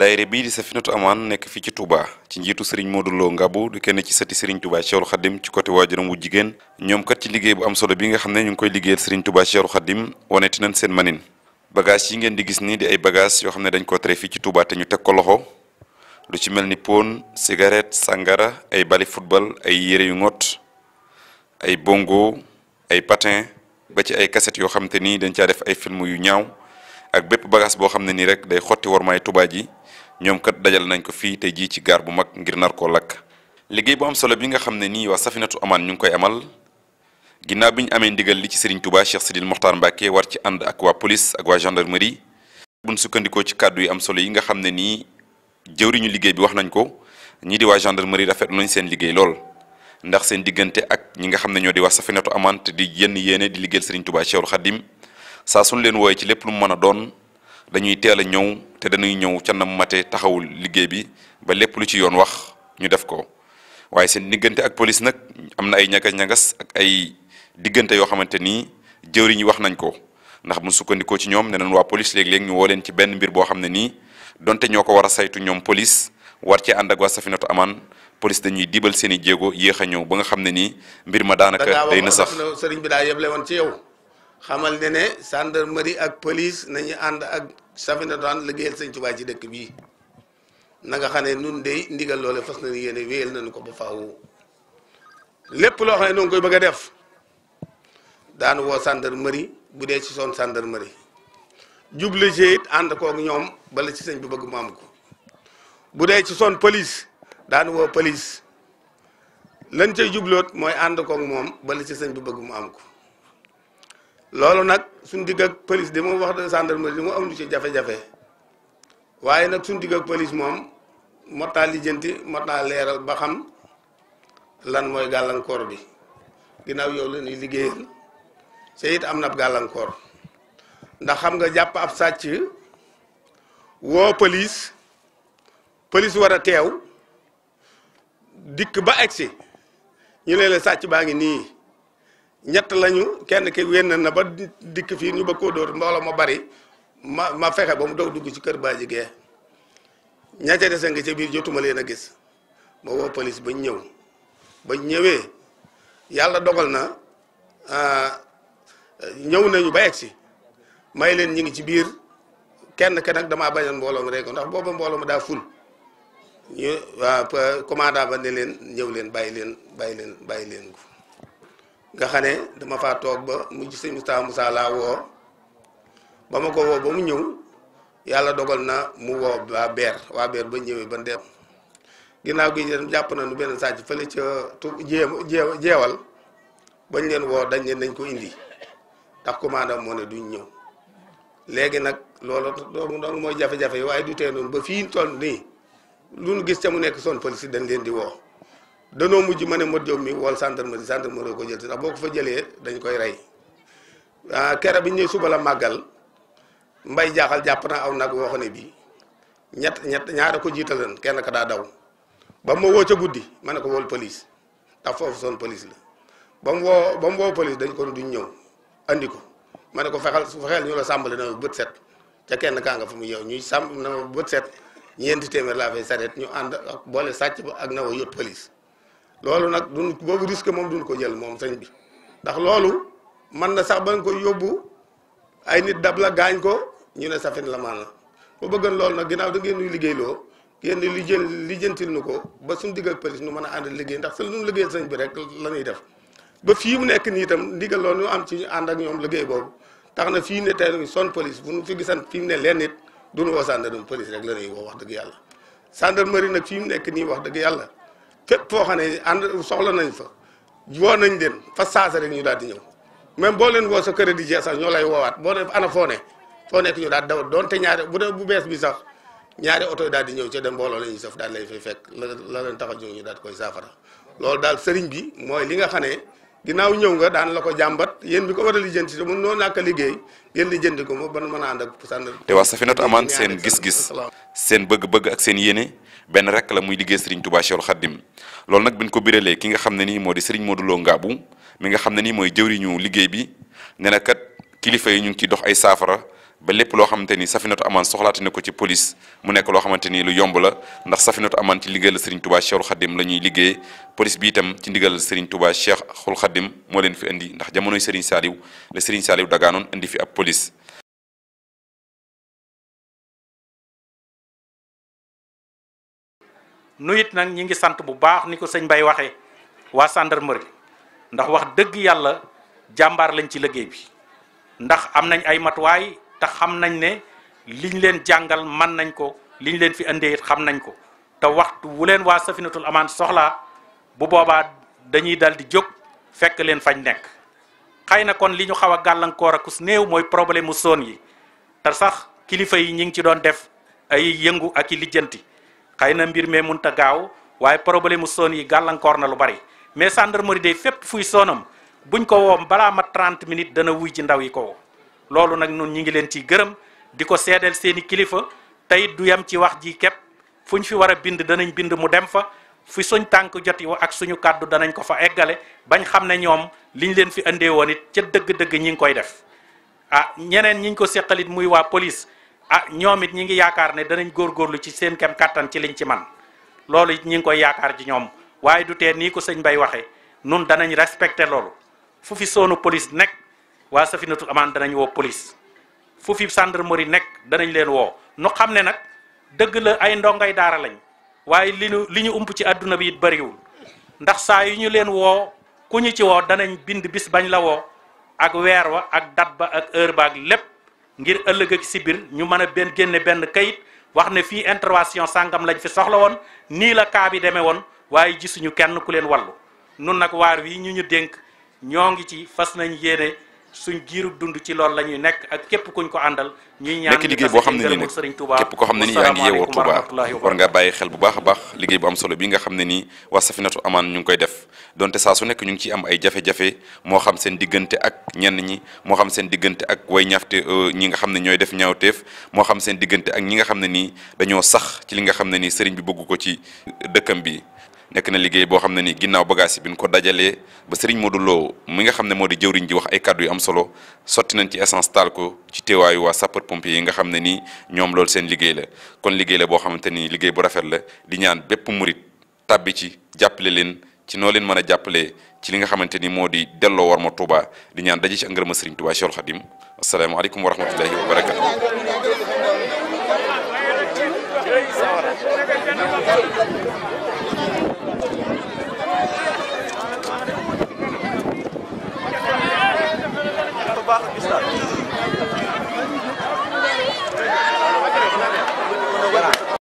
daayira bii di Safinatoul Amaan nekk fi ci Touba ci njiitu Serigne Modou Lo Ngabou di kenn ci sëti Serigne Touba Cheikhul Khadim ci côté waajuram wu jigéen ñoom kat ci liggéey bu am solo bi nga xam ne ñu ngi koy liggéeyal Serigne Touba Cheikhul Khadim waneti nañ seen manin bagage yi ngeen di gis nii di ay bagage yoo xam ne dañ ko tere fii ci Touba te ñu teg ko lu ci mel ni pon cigarette sangara ay bali football ay yére yu ngott ay bongo ay patin ba ci ay cassette yoo xam ni dañ caa def ay film yu ñaaw ak bépp bagage boo xam ne nii rek day xotti war may Tuubaa ji ñoom kat dajal nañ ko fii tey jii ci gaar bu mag ngir nar koo lakk. liggéey bu am solo bi nga xam ne nii waa Safinatu Amaan ñu ngi koy amal ginnaaw bi ñu amee ndigal li ci Serigne Touba Cheikh Sidil Mokhtar war ci ànd ak waa police ak waa gendarmerie. buñ sukkandikoo ci kàddu yi am solo yi nga xam ne nii jëwriñu liggéey bi wax nañ ko ñii di waa gendarmerie rafetlu nañ seen liggéey lool. ndax seen diggante ak ñi nga xam ne ñoo di waa Safinatu Amaan te di yenn yéene di liggéey Serigne Touba Cheikhul Khadim saa suñ leen wooyee ci lépp lu mu mën a doon dañuy teel a ñëw te dañuy ñëw ca na mu mate taxawul liggéey bi ba lépp lu ci yoon wax ñu def ko waaye seen diggante ak police nag am na ay ñagas-ñagas ak ay diggante yoo xamante ni jëwriñ yi wax nañ ko ndax bu sukkandikoo ci ñoom ne waa police léeg-léeg ñu woo leen ci benn mbir boo xam ne nii donte ñoo ko war a saytu ñoom police war cee ànd ak waa Safinatu Amaan police dañuy dibal seen jéego yéex a ñëw ba nga xam ne nii mbir ma daanaka lay na sax sëriñ bi daa yeble woon ci yow xamal ne ne gendarmerie ak police nañu ànd ak Safinataan liggéeyal Sëñ Tuubaa ci dëkk bii na xam ne nun dey ndigal loole fas na yéene wéyal nañu ko ba faaw lépp loo xam ne noonu koy bëgg a def daan woo gendarmerie bu dee si son gendarmerie jublu ci it ànd kook ñoom bala ci sëñ bi bëgg mu am ko bu dee ci son police daan woo police lañ cay jubloot mooy ànd kook moom bala ci sëñ bi bëgg mu am ko loolu nag suñ digg ak police di mu wax de gendarmerie di mu am lu ci jafe-jafe waaye nag suñ digg ak police moom mot naa lijjanti mot naa leeral ba xam lan mooy gàllankoor bi ginnaaw yow la ñuy liggéeyal te it am na gàllankoor ndax xam nga jàpp ab sàcc woo police police war a teew dikk ba si ñu ne la sàcc baa ngi nii ñett lañu kenn ki wenn na ba dikk fii ñu bëgg koo dóor mbooloo ma bari ma ma fexe ba mu doog dugg ci kër baaji gee ña ca dese nga ca biir jotuma leen a gis ma woo police bañ ñëw bañ ñëwee yàlla dogal na ah, ñëw nañu ba egsi may leen ñi ngi ci biir kenn ke nag damaa bañoon mbooloo mi rek ndax booba mbooloo mi daa ful ñu commandant ba ne leen ñëw leen bàyyi leen bàyyi leen bàyyi leen nga xam ne dama faa toog ba mu sëñ mu Moussa laa woo ba ma ko woo ba mu ñëw yàlla dogal na mu woo waa beer waa beer ba ñëwee ba ndee ginnaaw gi jàpp na nu benn sàcc fële ca tu jéem jeewal bañ leen woo dañ leen nañ ko indi ndax commandant moo ne duñ ñëw léegi nag loolu doon doon mooy jafe-jafe yi waaye du tee noonu ba fii toll nii lu nu gis ca mu nekk son police dañ leen di woo danoo mujj ma ne Modou Diop mi wol gendarmerie gendarmerie ko jël si ndax boo ko fa jëlee dañ koy rey ah, kera bi ñuy suba la màggal mbay jaaxal jàpp naa aw nag woo xam ne bii ñett ñett ñaara ko jiitalan kenn ka daa daw ba mu woo ca guddi ma ne ko wol police ndax foofu son police la ba mu woo ba mu woo police dañ ko duñ ñëw andi ko ma ne ko fexeel su fexeel ñu la sàmbale na bët set ca kenn kaa nga fa mu ñëw ñuy sàmb na bët set ñeenti téeméer laa fay sareet ñu ànd ak boole sàcc ba ak na wa police loolu nag duñ boobu risque moom duñ ko jël moom sëñ bi ndax loolu man na sax ba nga koy yóbbu ay nit dab la gaañ ko ñu ne safin la maan la bu bëggoon loolu nag ginnaaw da ngeen ñuy liggéeyloo ngeen di lijjën lijjantil nu ko ba suñ digg ak police nu mën a ànd liggéey ndax su ñu liggéey sëñ bi rek la ñuy def ba fii mu nekk nii itam ndigal loolu ñu am ci ñu ànd ak ñoom liggéey boobu tax na fii ne tey son police bu ñu fi gisan fii mu ne leen nit duñu woo gendarme police rek la ñuy wax dëgg yàlla gendarmerie nag fii mu nekk nii wax dëgg yàlla fépp foo xam ne ànd soxla nañ fa woo nañ leen fa saasa rek ñu daal di ñëw même boo leen woo sa crédit jeex sax ñoo lay woowaat boo def ana foo ne foo nekk ñu daal daw doonte ñaari bu bees bi sax ñaari oto yi daal di ñëw ci dem mbooloo la ñuy saf daal lay fay fekk la la leen tax a jóg ñu daal koy saafara loolu daal sëriñ bi li nga xam ne ginnaaw ñëw nga daan la ko jàmbat yéen bi ko war a lijjanti te mun noonu naka liggéey ngeen lijjanti ko mo ban mën a ànd ak sànn te waa Safinatou Aman seen gis-gis seen bëgg-bëgg ak seen yéene benn rek la muy liggéey Serigne Touba Cheikhul Khadim loolu nag biñ ko biralee ki nga xam ne ni moo di Serigne Modou Lo Ngabou mi nga xam ne nii mooy jëwriñu liggéey bi ne na kat kilifa yi ñu ngi ciy dox ay saafara ba lépp loo xamante ni Safinatu Amaan soxlaati na ko ci police mu nekk loo xamante ni lu yomb la ndax Safinatu Amaan ci liggéeyal Serigne Touba Cheikhul Khadim la ñuy liggéey police bi itam ci ndigal Serigne Touba Cheikhul Khadim moo leen fi indi ndax jamonoy Serigne Saliou la Serigne Saliou indi fi ab police nuyit nag ñi ngi sant bu baax ni ko sañ Bay waxee waa gendarmerie ndax wax dëgg yàlla jàmbaar lañ ci liggéey bi ndax am nañ ay matuwaay te xam nañ ne liñ leen jàngal man nañ ko liñ leen fi indee it xam nañ ko te waxtu wu leen waa safinatul amaan soxlaa bu boobaa dañuy dal di jóg fekk leen fañ nekk xëy na kon li ñu xaw a gàllankoor ak su néew mooy problème mu son yi te sax kilifa yi ñi ngi ci doon def ay yëngu ak i lijjanti xëy na mbir mee mënut a gaaw waaye problème mu son yi gàllankoor na lu bari mais gendarmerie day fépp fuy sonam buñ ko woom balaa mat trente minutes dana wuy ji ndaw yi ko loolu nag ñun ñu ngi leen ciy gërëm di ko seedeel seen i kilifa tey du yam ci wax ji képp fu ñu fi war a bind danañ bind mu dem fa fi suñ tànk joti ak suñu kàddu danañ ko fa eggale bañ xam ne ñoom liñ leen fi indee woon it ca dëgg-dëgg ñi ngi koy def a ah, ñeneen ñi ñu ko seqalit muy waa police ah ñoom it ñi ngi yaakaar ne danañ góor góorgóorlu ci seen kem kattan ci liñ ci man loolu it ñi ngi koy yaakaar ci ñoom waaye du tee nii ko sëñ Bay waxee nun danañ respecté loolu fu fi soonu police nekk waa Safinatul Amaan danañ woo police fu fi gendarmerie nekk danañ leen woo nu xam ne nag dëgg la ay ndongoy daara lañ waaye li ñu li ñu ump ci àdduna bi it bëriwul ndax saa yu ñu leen woo ku ñu ci woo danañ bind bis bañ la woo ak weer wa ak dat ba ak heure ba ak lépp ngir ëllëg ak si ñu mën a benn génne benn kayit wax ne fii intervention sàngam lañ fi soxla woon nii la kaa bi demee woon waaye gisuñu kenn ku leen wallu nun nag waar wi ñu ñu dénk ñoo ngi ci fas nañ yéene suñ giirub dund ci loolu la nekk ak képp kuñ ko àndal ñuy ñaan liggéey boo xam ne nii nag képp ko xam ne nii yaa ngi yeewoo Touba war nga bàyyi xel bu baax a baax liggéey bu am solo bi nga xam ne nii waa Safinatoul Amaan ñu ngi koy def donte saa su nekk ñu ngi ciy am ay jafe-jafe moo xam seen diggante ak ñenn ñi moo xam seen diggante ak way ñaafte euh, ñi nga xam ne ñooy def ñawteef moo xam seen diggante ak ñi nga xam ne nii dañoo sax ci li nga xam ne nii sëriñ bi bëgg ko ci dëkkam bi nekk na liggéey boo xam ne ni ginnaaw bagage yi bi ñu ko dajalee ba sëriñ Modou mi nga xam ne moo di jëwriñ ji wax ay kàddu yu am solo sotti nañ ci essence taal ko ci teewaayu waa sapeur pompier yi nga xam ne nii ñoom loolu seen liggéey la kon liggéey la boo xamante ni liggéey bu rafet la di ñaan bépp murit tàbbi ci jàppale leen ci noo leen mën a jàppalee ci li nga xamante ni moo di delloo war ma Touba di ñaan daje ci ngërëma Serigne Touba Cheikhul Khadim asalaamaaleykum wa rahmatullahi wa barakatu